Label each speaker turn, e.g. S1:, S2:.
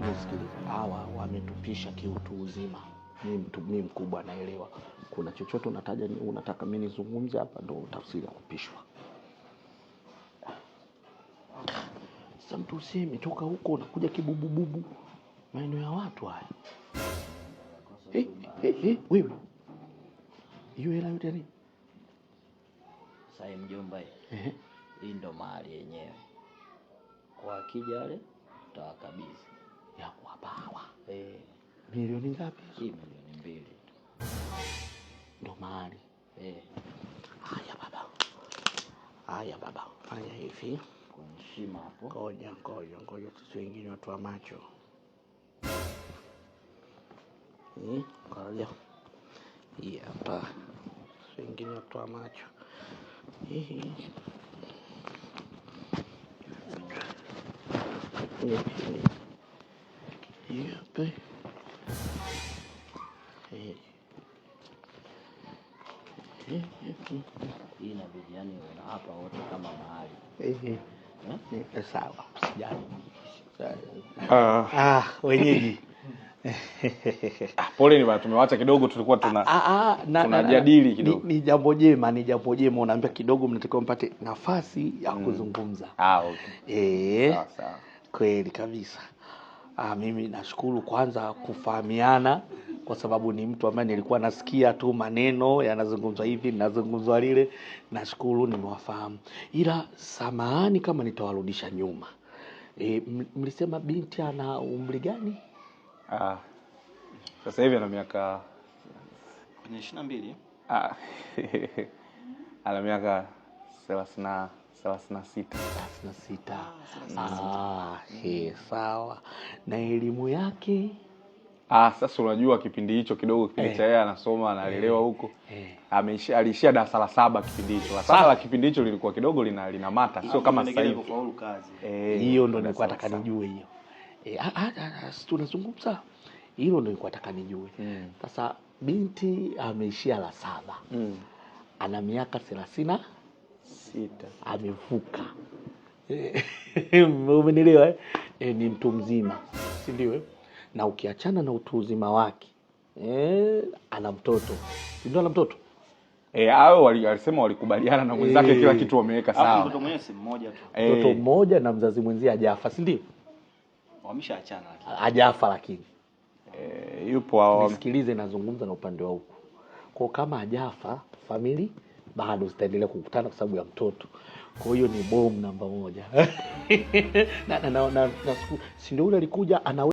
S1: nisikilize, hawa wametupisha kiutu uzima. Mimi mtu mimi mkubwa naelewa, kuna chochote unataja, unataka mimi nizungumze hapa, ndo tafsiri ya kupishwa. sa mtu useme imetoka huko unakuja kibubububu maeneo ya watu haya. Eh, eh, eh, wewe hiyo hela yote ni
S2: sasa, mjomba, hii ndo mahali yenyewe kwa akija wale tutawakabidhi
S1: ya kuwapawa eh. Milioni ngapi?
S2: hii? Milioni mbili ndo mali eh.
S1: Haya baba, haya baba, fanya hivi
S2: kwa heshima hapo.
S1: Ngoja ngoja ngoja, sisi wengine watu wa macho eh, ngoja hii hapa, sisi wengine watu wa macho eh. Eh nyeupe
S2: hii inabidi yani hapa wote kama mahali
S1: sawa, wenyeji.
S3: Pole ni tumewacha kidogo, tulikuwa tuna ah, ah, ah, tunajadili kidogo.
S1: Ni jambo jema, ni jambo jema, unaambia kidogo, mnatakiwa mpate nafasi ya mm. kuzungumza. Ah, okay. Eh, kweli kabisa. Ah, mimi nashukuru kwanza kufahamiana kwa sababu ni mtu ambaye nilikuwa nasikia tu maneno yanazungumzwa hivi nazungumzwa lile. Nashukuru nimewafahamu, ila samahani kama nitawarudisha nyuma. E, mlisema binti ana umri gani?
S3: Ah, sasa hivi ana miaka
S2: kwenye ishirini na mbili.
S3: Ah, ana miaka thelathini na thelathini
S1: na sita. Sawa na elimu yake
S3: Ah, sasa unajua kipindi hicho kidogo kipindi eh. cha yeye anasoma analelewa eh. huko. Eh. Ameishia aliishia darasa la saba kipindi hicho. La la kipindi hicho lilikuwa kidogo lina lina mata sio kama sasa hivi.
S1: Hiyo ndio nilikuwa nataka nijue hiyo. Eh, tunazungumza hilo ndio nilikuwa nataka nijue. Sasa binti ameishia la saba. Hmm. Ana miaka thelathini
S2: sita
S1: amevuka. Eh, umenielewa eh? eh? ni mtu mzima si ndio? Eh? Na ukiachana na utu uzima wake eh, ana mtoto si ndio? Ana mtoto
S3: e, walisema walikubaliana na mwenzake e, kila kitu wameweka sawa.
S2: Mtoto mwenyewe si mmoja tu
S1: e, mtoto mmoja na mzazi mwenzie ajafa si ndio?
S2: Wameshaachana lakini
S1: ajafa lakini
S3: e, yupo hao.
S1: Nisikilize, nazungumza na upande wa huku, kwa kama ajafa famili bado zitaendelea kukutana kwa sababu ya mtoto. Kwa hiyo ni bomu namba moja na, na, na, na, na, si ndio? alikuja ana